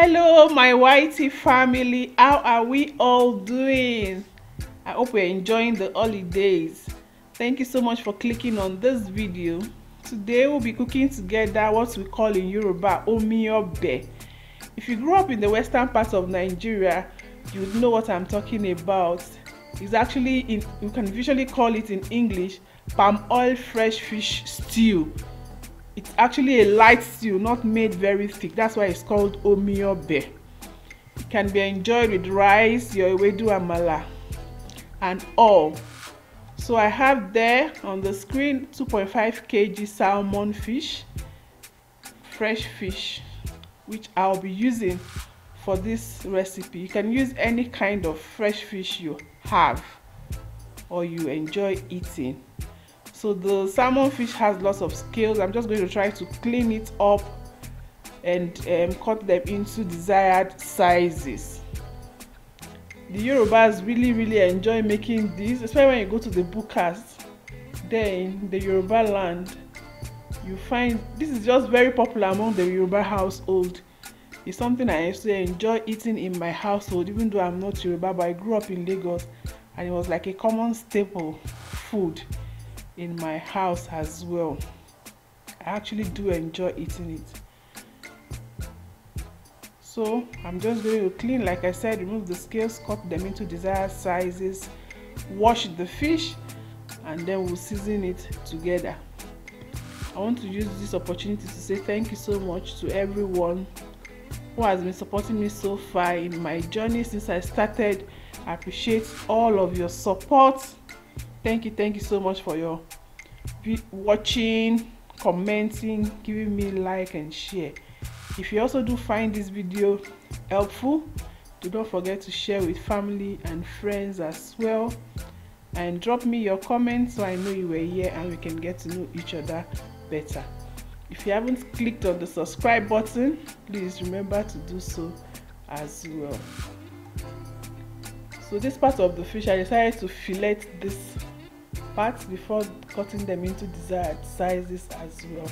hello my YT family how are we all doing i hope you're enjoying the holidays thank you so much for clicking on this video today we'll be cooking together what we call in Yoruba omi if you grew up in the western part of Nigeria you would know what i'm talking about it's actually in you can visually call it in English palm oil fresh fish stew it's actually a light stew not made very thick that's why it's called omiyobe. it can be enjoyed with rice your ewedu amala and all so i have there on the screen 2.5 kg salmon fish fresh fish which i'll be using for this recipe you can use any kind of fresh fish you have or you enjoy eating so the salmon fish has lots of scales i'm just going to try to clean it up and um, cut them into desired sizes the yorubas really really enjoy making these especially when you go to the there then the yoruba land you find this is just very popular among the yoruba household it's something i used to enjoy eating in my household even though i'm not yoruba but i grew up in lagos and it was like a common staple food in my house as well. I actually do enjoy eating it. So I'm just going to clean, like I said, remove the scales, cut them into desired sizes, wash the fish, and then we'll season it together. I want to use this opportunity to say thank you so much to everyone who has been supporting me so far in my journey since I started. I appreciate all of your support thank you thank you so much for your watching commenting giving me like and share if you also do find this video helpful do not forget to share with family and friends as well and drop me your comments so i know you were here and we can get to know each other better if you haven't clicked on the subscribe button please remember to do so as well so this part of the fish i decided to fillet this parts before cutting them into desired sizes as well.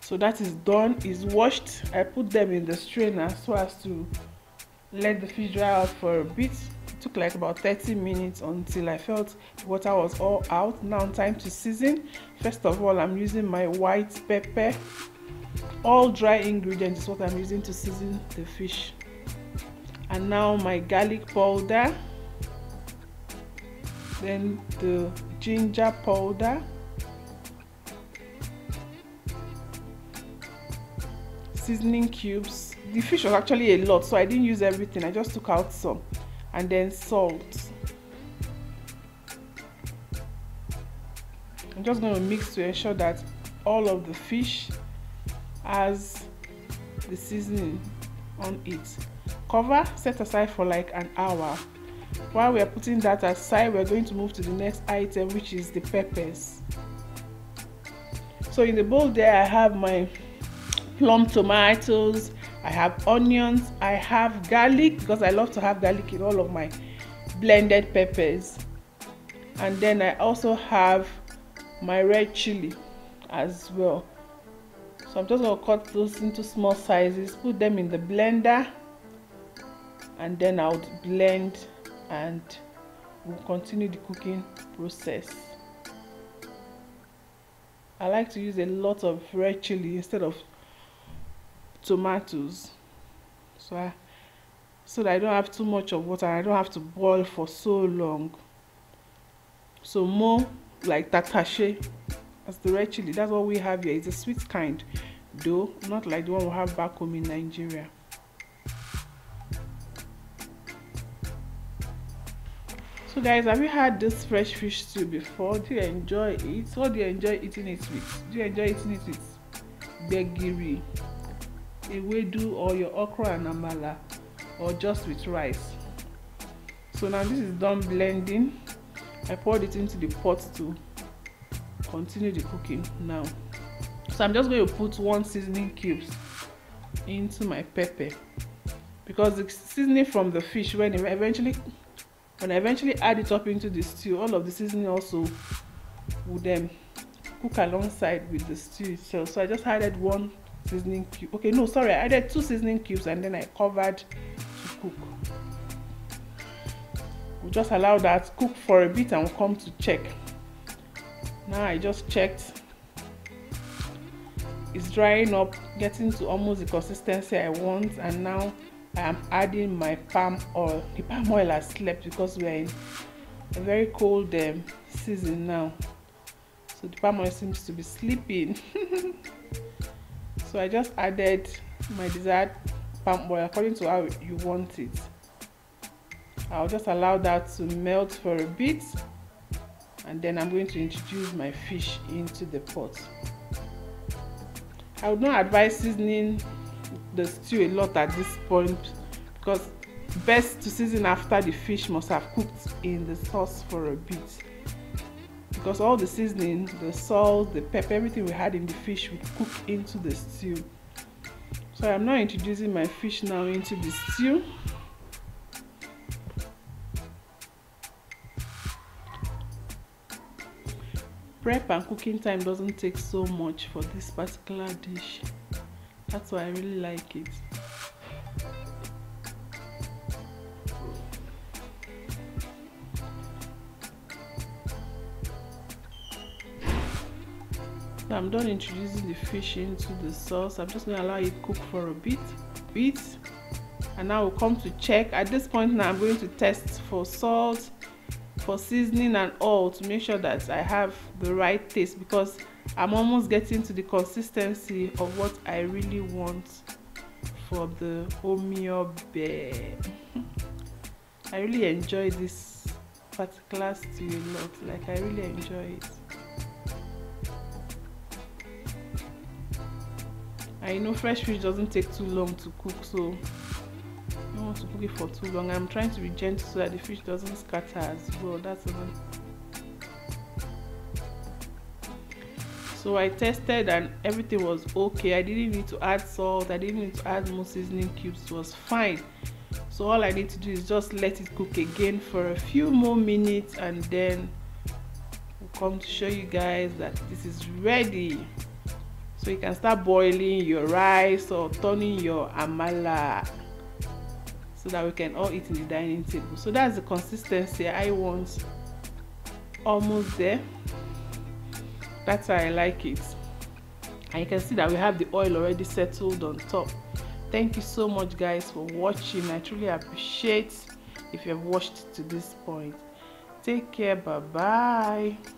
So that is done, is washed. I put them in the strainer so as to let the fish dry out for a bit. It took like about 30 minutes until I felt the water was all out. Now time to season. First of all, I'm using my white pepper. All dry ingredients is what I'm using to season the fish. And now my garlic powder then the ginger powder seasoning cubes the fish was actually a lot so i didn't use everything i just took out some and then salt i'm just going to mix to ensure that all of the fish has the seasoning on it cover set aside for like an hour while we are putting that aside we're going to move to the next item which is the peppers so in the bowl there i have my plum tomatoes i have onions i have garlic because i love to have garlic in all of my blended peppers and then i also have my red chili as well so i'm just going to cut those into small sizes put them in the blender and then i'll blend and we'll continue the cooking process I like to use a lot of red chili instead of tomatoes so I, so that I don't have too much of water I don't have to boil for so long so more like tatache as the red chili that's what we have here it's a sweet kind though not like the one we have back home in Nigeria so guys have you had this fresh fish stew before do you enjoy it So do you enjoy eating it with do you enjoy eating it with begiri, ewedu or your okra and amala or just with rice so now this is done blending i poured it into the pot to continue the cooking now so i'm just going to put one seasoning cubes into my pepper because the seasoning from the fish when it eventually when I eventually add it up into the stew all of the seasoning also would then um, cook alongside with the stew itself so I just added one seasoning cube okay no sorry I added two seasoning cubes and then I covered to cook we'll just allow that cook for a bit and we'll come to check now I just checked it's drying up getting to almost the consistency I want and now I am adding my palm oil. The palm oil has slept because we are in a very cold um, season now. So the palm oil seems to be sleeping. so I just added my desired palm oil according to how you want it. I'll just allow that to melt for a bit and then I'm going to introduce my fish into the pot. I would not advise seasoning the stew a lot at this point because best to season after the fish must have cooked in the sauce for a bit because all the seasoning the salt the pepper everything we had in the fish would cook into the stew so i'm now introducing my fish now into the stew prep and cooking time doesn't take so much for this particular dish that's why I really like it. I'm done introducing the fish into the sauce. I'm just gonna allow it cook for a bit. Bit and now we'll come to check at this point now i'm going to test for salt for seasoning and all to make sure that I have the right taste because I'm almost getting to the consistency of what I really want for the bear. I really enjoy this particular stew a lot, like I really enjoy it. I know fresh fish doesn't take too long to cook so want to cook it for too long. I'm trying to be gentle so that the fish doesn't scatter as well. That's even. So I tested and everything was okay. I didn't need to add salt. I didn't need to add more seasoning cubes. It was fine. So all I need to do is just let it cook again for a few more minutes and then we'll come to show you guys that this is ready. So you can start boiling your rice or turning your amala so that we can all eat in the dining table so that's the consistency I want almost there that's how I like it and you can see that we have the oil already settled on top thank you so much guys for watching I truly appreciate if you have watched to this point take care bye bye